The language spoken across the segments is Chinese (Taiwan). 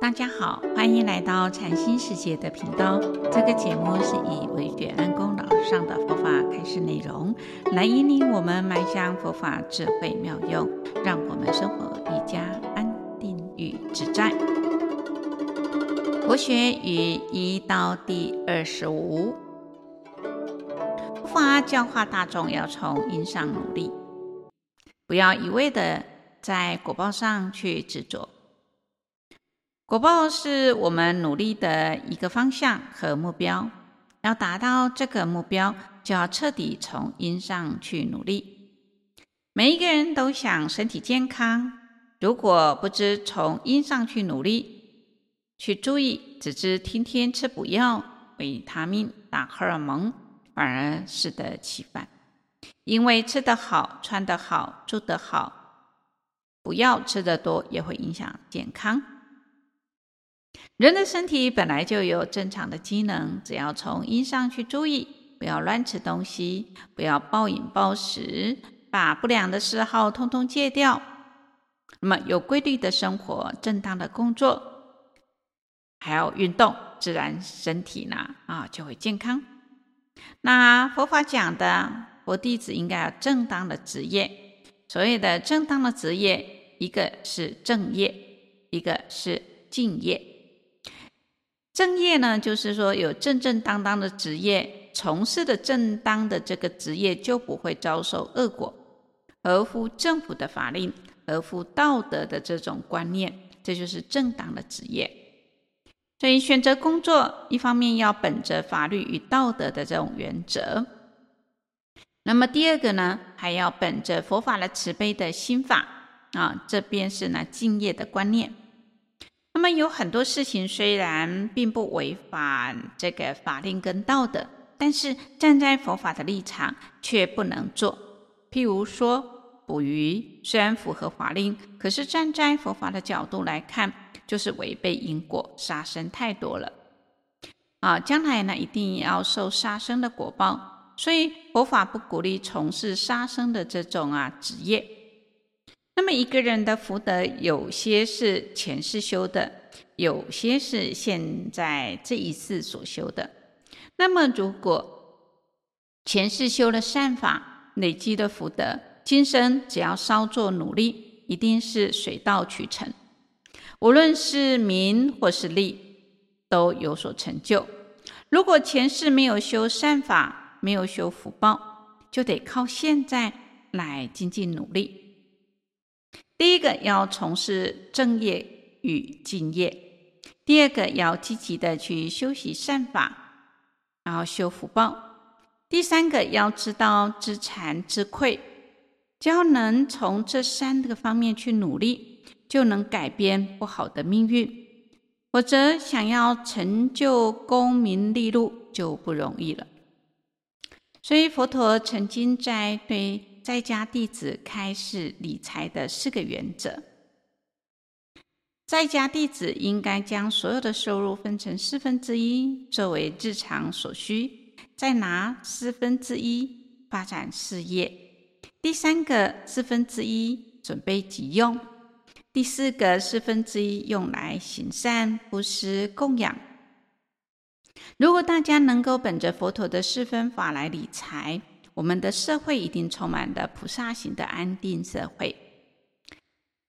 大家好，歡迎來到禪心世界的頻道。這個節目是以惟覺安公老和尚的佛法開示內容，來引領我們邁向佛法智慧妙用，讓我們生活更加安定與自在。佛學與醫道第二十五，佛法教化大眾要從因上努力，不要一味的在果報上去執着。果報是我們努力的一個方向和目標。要達到這個目標，就要徹底從因上去努力。每一個人都想身體健康，如果不知從因上去努力，去注意，只知天天吃補藥、維他命、打荷爾蒙，反而適得其反。因為吃得好、穿得好、住得好，補藥吃得多也會影響健康。人的身體本來就有正常的機能，只要從因上去注意，不要亂吃東西，不要暴飲暴食，把不良的嗜好通通戒掉，那麼有規律的生活、正當的工作，還要運動，自然身體呢啊就會健康。那佛法講的，佛弟子應該要正當的職業。所謂的正當的職業，一個是正業，一個是淨業。正業呢，就是說有正正當當的職業，從事的正當的這個職業就不會遭受惡果，合乎政府的法令，合乎道德的這種觀念，這就是正當的職業。所以選擇工作，一方面要本着法律與道德的這種原則，那麼第二個呢，還要本着佛法的慈悲的心法啊，這便是呢淨業的觀念。那麼有很多事情雖然並不違反這個法令跟道德，但是站在佛法的立場卻不能做。譬如說捕魚，雖然符合法令，可是站在佛法的角度來看，就是違背因果，殺生太多了啊！將來呢，一定要受殺生的果報。所以佛法不鼓勵從事殺生的這種啊職業。那麼一個人的福德，有些是前世修的，有些是現在這一世所修的。那麼，如果前世修了善法，累積的福德，今生只要稍作努力，一定是水到渠成。無論是名或是利，都有所成就。如果前世沒有修善法，沒有修福報，就得靠現在來精進努力。第一個要從事正業與淨業，第二個要積極的去修習善法，然後修福報。第三個要知道知慚知愧，只要能從這三個方面去努力，就能改變不好的命運。否則，想要成就功名利祿就不容易了。所以佛陀曾經在對。在家弟子開示理財的四個原則：在家弟子應該將所有的收入分成四分之一作為日常所需，再拿四分之一發展事業，第三個四分之一準備急用，第四個四分之一用來行善布施、供養。如果大家能夠本着佛陀的四分法來理財。我們的社會一定充滿的菩薩行的安定社會。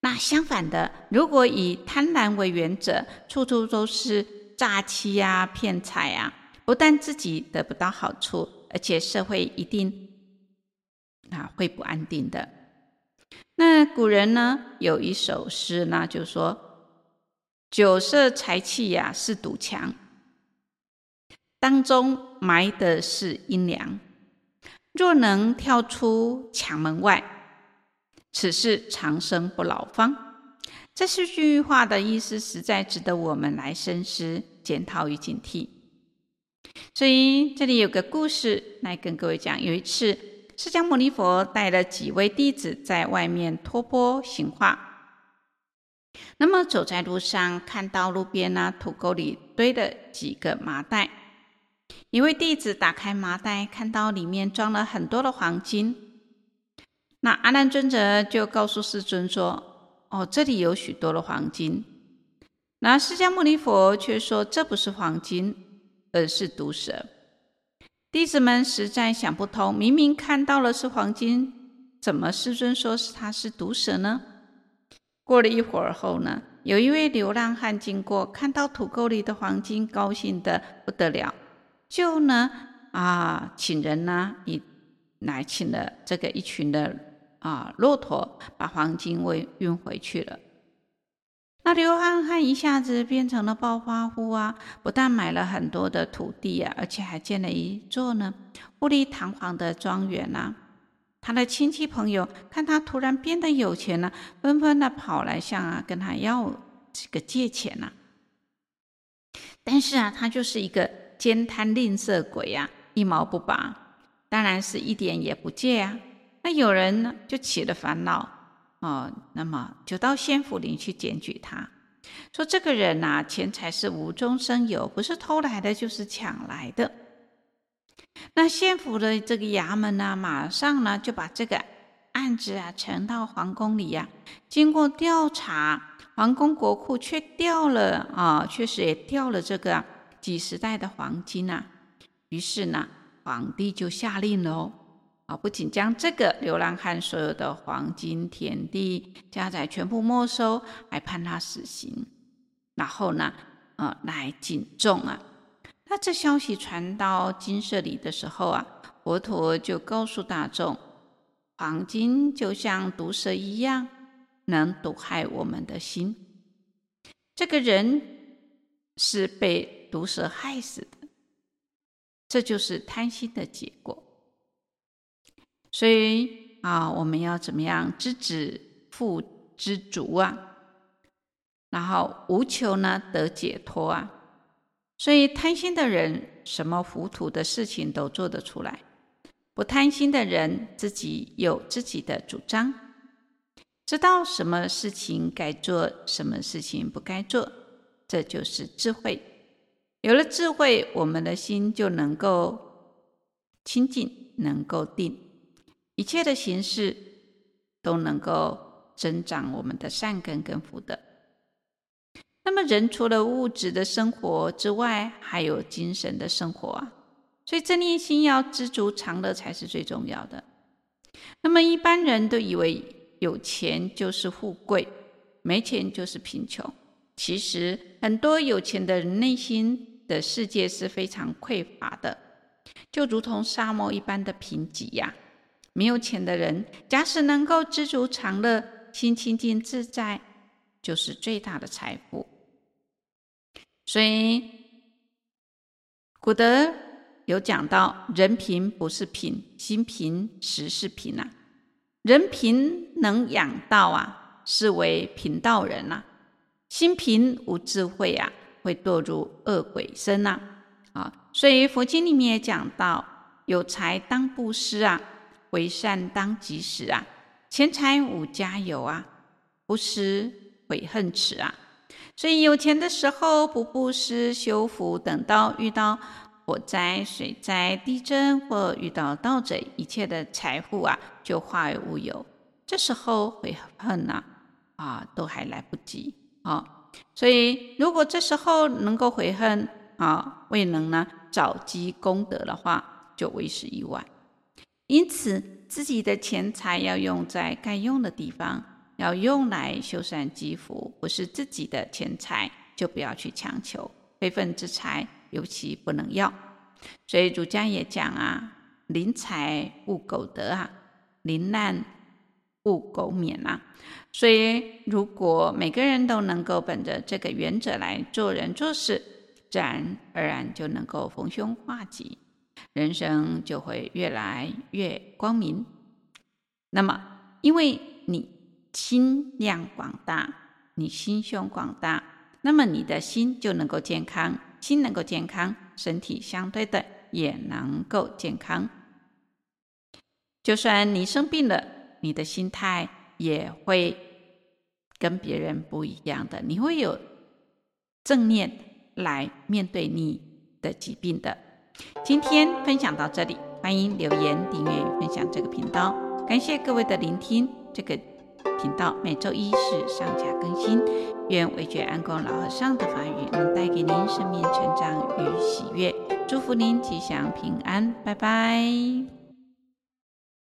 那相反的，如果以貪婪為原則，處處都是詐欺呀、啊、騙財啊，不但自己得不到好處，而且社會一定啊會不安定的。那古人呢有一首詩呢，就是、說：“酒色財氣呀、啊、四堵牆，當中埋的是英良。”若能跳出牆門外，此是長生不老方。這四句話的意思實在值得我們來深思、檢討與警惕。所以這裡有個故事來跟各位講：有一次，釋迦牟尼佛帶了幾位弟子在外面托缽行化，那麼走在路上，看到路邊呢土溝裡堆了幾個麻袋。一位弟子打開麻袋，看到裡面裝了很多的黃金。那阿難尊者就告訴世尊說：“哦，這裡有許多的黃金。”那釋迦牟尼佛卻說：“這不是黃金，而是毒蛇。”弟子們實在想不通，明明看到了是黃金，怎麼世尊說是它是毒蛇呢？過了一會兒後呢，有一位流浪漢經過，看到土溝裡的黃金，高興得不得了。就呢啊，請人呢，一來請了這個一群的啊駱駝，把黃金為運回去了。那流浪漢一下子變成了暴發戶啊，不但買了很多的土地啊，而且還建了一座呢富麗堂皇的莊園吶、啊。他的親戚朋友看他突然變得有錢了、啊，紛紛的跑來向啊跟他要這個借錢吶、啊。但是啊，他就是一個。慳貪吝嗇鬼呀、啊，一毛不拔，當然是一點也不借呀、啊。那有人呢就起了煩惱哦，那麼就到縣府裡去檢舉他，說這個人吶、啊，錢財是無中生有，不是偷來的就是搶來的。那縣府的這個衙門呢、啊，馬上呢就把這個案子啊呈到皇宮裡呀、啊。經過調查，皇宮國庫卻掉了啊，確實也掉了這個。幾十袋的黃金啊！於是呢，皇帝就下令了哦，啊，不僅將這個流浪漢所有的黃金、田地、家宅全部沒收，還判他死刑。然後呢，呃、啊，來警眾啊！那這消息傳到精舍裡的時候啊，佛陀就告訴大眾：黃金就像毒蛇一樣，能毒害我們的心。這個人是被。毒蛇害死的，這就是貪心的結果。所以啊，我們要怎麼樣知止復知足啊？然後無求呢，得解脫啊。所以貪心的人，什麼糊塗的事情都做得出來；不貪心的人，自己有自己的主張，知道什麼事情該做，什麼事情不該做，這就是智慧。有了智慧，我們的心就能夠清淨，能夠定，一切的行事都能夠增長我們的善根跟福德。那麼，人除了物質的生活之外，還有精神的生活啊。所以，這念心要知足常樂才是最重要的。那麼，一般人都以為有錢就是富貴，沒錢就是貧窮。其實，很多有錢的人內心。的世界是非常匱乏的，就如同沙漠一般的貧瘠呀、啊。沒有錢的人，假使能夠知足常樂，心清淨自在，就是最大的財富。所以，古德有講到：人貧不是貧，心貧實是貧啊。人貧能養道啊，是為貧道人啊。心貧無智慧啊。會墮入餓鬼身吶、啊，啊，所以佛經裡面也講到，有財當布施啊，為善當及時啊，錢財五家有啊，不施悔恨遲啊。所以有錢的時候不布施修福，等到遇到火災、水災、地震或遇到盜賊，一切的財富啊就化為烏有，這時候悔恨吶、啊，啊，都還來不及啊。所以，如果這時候能夠悔恨啊，未能呢早積功德的話，就為時已晚。因此，自己的錢財要用在該用的地方，要用來修善積福。不是自己的錢財，就不要去強求。非分之財，尤其不能要。所以，儒家也講啊，臨財勿苟得啊，臨難。勿苟免吶、啊，所以如果每個人都能夠本着這個原則來做人做事，自然而然就能夠逢凶化吉，人生就會越來越光明。那麼，因為你心量廣大，你心胸廣大，那麼你的心就能夠健康，心能夠健康，身體相對的也能夠健康。就算你生病了，你的心態也會跟別人不一樣的，你會有正念來面對你的疾病的。今天分享到這裡，歡迎留言、訂閱與分享這個頻道。感謝各位的聆聽，這個頻道每周一是上架更新。願惟覺安公老和尚的法語能帶給您生命成長與喜悅，祝福您吉祥平安，拜拜。